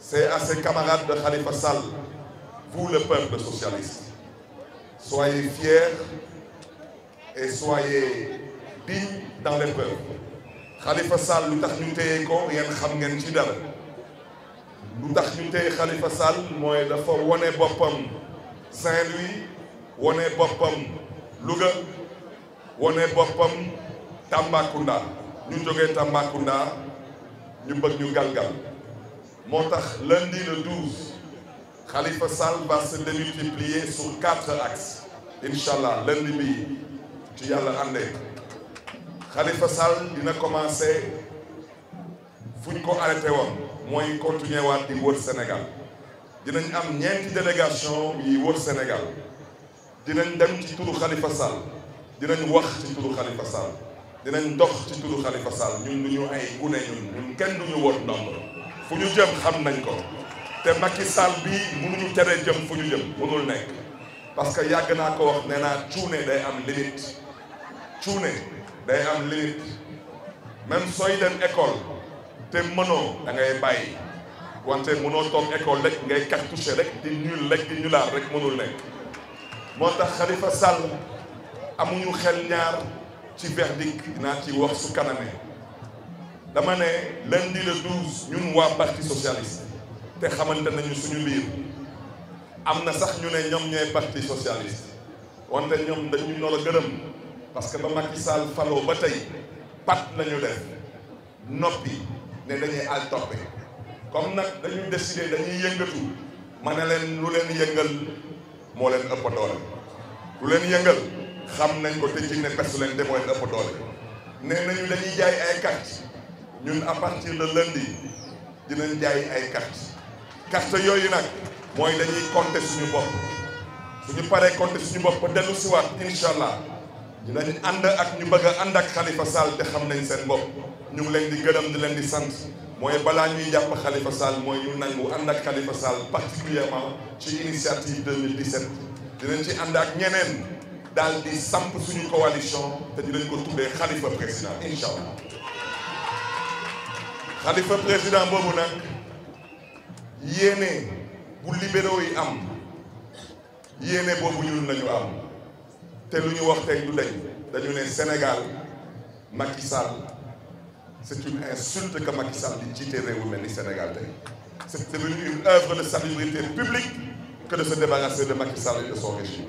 c'est à ses camarades de Khalifa Sall, vous le peuple socialiste. Soyez fiers et soyez dignes dans le peuple. Khalifa Sall nous sommes ñu téye ko yéen xam ngeen ci Khalifa Sall je suis un Saint-Louis wone un Louga wone boppam Nous ñu jógee Tambacounda ñu ñu galgal lundi le 12 Khalifa Sall va se démultiplier sur quatre axes lundi, lundi bi Khalifa Sall a commencé, continuer au Sénégal dinañ am délégation Sénégal Il a Khalifa Sall Il wax Khalifa Sall Il dox ci Khalifa Sall ñun ñu ay gune ñun fu ñu jëm xam nañ ko te Macky Sall bii mënuñu tere jëm fu ñu jëm mënul nekk parce que yàgg naa ko wax nee naa cuune day am limite cuune day am limite même sooy dem école te mënoo da ngay bàyyi wante mënoo toog école rek ngay cartouché rek di ñuul rek di ñulaat rek mënul nekk moo tax Khalifa Sall amuñu xel ñaar ci verdict naa ci wax su kanamee dama ne lundi le 12 ñun waa parti socialiste te xamante nañu suñu biir am na sax ñu ne ñoom ñooy parti socialiste wante ñoom dañu ñoo la gërëm parce que ba Macky Sall faloo ba tey pat lañu def noppi ne dañuy al toppe comme nag dañuy décider dañuy yëngatu ma ne leen lu leen yëngal moo leen ëpp doole lu leen yëngal xam nañ ko te ci ne personnalité moo leen ëpp doole nee nañu dañuy jaay ay carte ñun à partir de lundi dinañ jaay ay carte carte yooyu nag mooy dañuy compter suñu bopp suñu paree compter suñu bopp ba dellu si waat incha allah dinañ ànd ak ñu bëgg a ànd ak Khalifa Sall te xam nañ seen bopp ñu ngi leen di gërëm di leen di sant mooy balaa ñuy jàpp Khalifa Sall mooy ñu nangu ànd ak Khalifa Sall particulièrement ci initiative 2017 dinañ ci ànd ak ñeneen daal di samp suñu coalition te dinañ ko tuddee Khalifa président incha allah le président boobu nag yéene bu libéraux yi am yéene est ñun lañu am te lu ñu wax tey du dañ dañu ne Sénégal Macky Sall c'est une insulte que Macky Sall di jiite réew mel sénégalais. Sénégal c'est devenu une œuvre de salubrité publique que de se débarrasser de Macky Sall et de son régime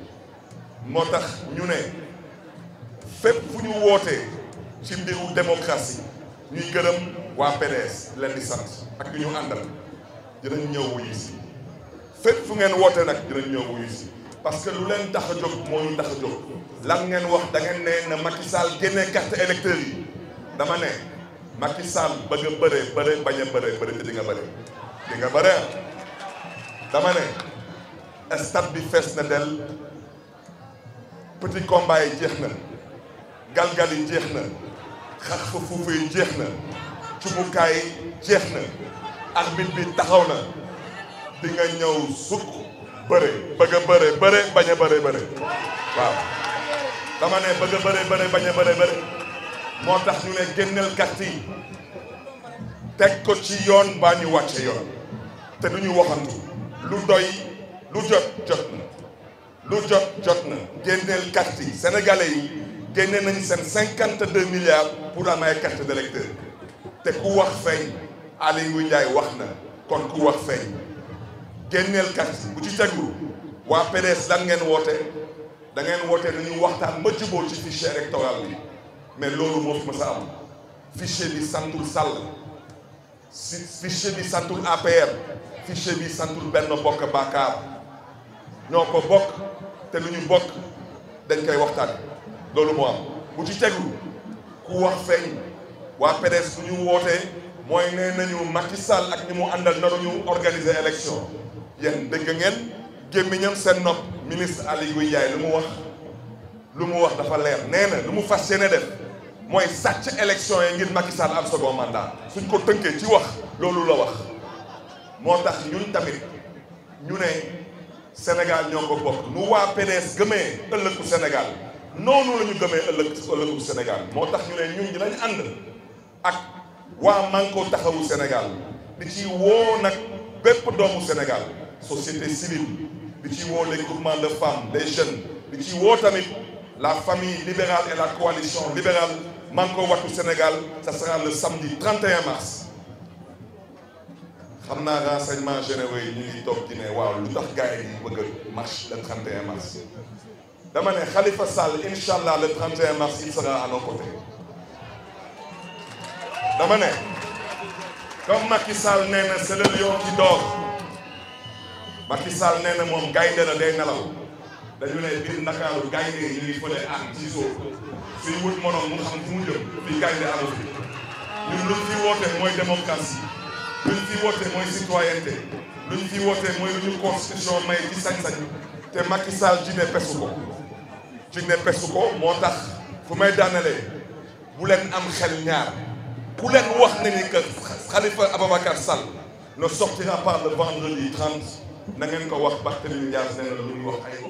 moo tax ñu ne nous fu ñu ci démocratie ñuy gërëm wa PDS len di sant ak ñu andal dinañ ñëw wuyu si fepp fu ngeen wootee nak dinañ ñëw wuyu si parce que lu len tax jox jóg moo ñu tax a jóg lan ngeen wax da ngeen ne na Macky Sall génnee carte électeur yi dama ne Macky Sall bëgg a bëré bëre bañ a di nga bëré di nga bëré dama ne stade bi fess na del petit combat yi jeex na galgal yi jeex na xar fu fu yi jeex na cubukaay jeex na arbitre bi taxaw na bi nga ñëw sukk bëre bëgg a bëre bëre bañ bëre bëre waaw ne bëgg a bëre bëre bañ a moo tax ñu ne génneel carte yi teg ko ci yoon baa ñu wàcce yoon te du ñu waxantu lu doy lu jot jot na lu jot jot na génneel carte yi sénégalais yi génne nañ seen cinquante deux milliards pour am ay carte d'électeur te ku wax feeñ Aliou Ndiaye wax na kon ku wax feeñ génneel bu ci tegu waa PDS lan ngeen woote da ngeen woote dañuy waxtaan ma jubóo ci fichier électoral bi mais loolu moo fi ma sa am fichier bi santul Sall si fichier bi santul APR fichier bi santul Benno Bokk Yaakaar ñoo ko bokk te lu ñu bokk dañ koy waxtaan loolu moo am bu ci tegu ku wax feeñ waa PDS su ñu wootee mooy nee nañu Macky Sall ak ñi mu àndal naruñu organiser élection yéen dégg ngeen gémmiñam seen nopp ministre Aly Ngouille Ndiaye lu mu wax lu mu wax dafa leer nee na lu mu fas yéene def mooy sàcc élection yi ngir Macky Sall am second mandat suñ ko tënkee ci wax loolu la wax moo tax ñun tamit ñu ne Sénégal ñoo ko bokk nu waa PDS gëmee ëllëgu Sénégal noonu la ñu gëmee ëllëg ëllëgu Sénégal moo tax ñu ne ñun dinañ ànd ak wa Manko taxawu Sénégal di ci woo nag bépp doomu Sénégal société civile di ci woo les groupements de femmes les jeunes di ci woo tamit la famille libérale et la coalition libérale Manko Wattu Sénégal ça sera le samedi 31 mars xam naa renseignements généraux yi ñu ngi toog di ne waaw lu tax gars yi bëgg a marche le 31 mars dama ne Khalifa Sall incha allah le 31 mars il sera à nos côtés dama ne comme Macky Sall nee na c'est le lion qui dort Macky Sall nee na moom gaynde la day nelaw dañu ne biir Ndakaaru gaynde yi ñu ngi fële am ci suuf suy wut monoom mu xam fu mu jëm fii gaynde amul fi ñun luñ mooy démocratie luñ fi mooy citoyenneté luñ fi mooy lu ñu may ci te Macky Sall jinne pesu ko moo tax fu may daanalee bu am xel ñaar ku leen wax ne ni que Khalifa Ababacar Sall ne sortira pas le vendredi 30 na ngeen ko wax Barthélémy Dias nee na lu muy wax ay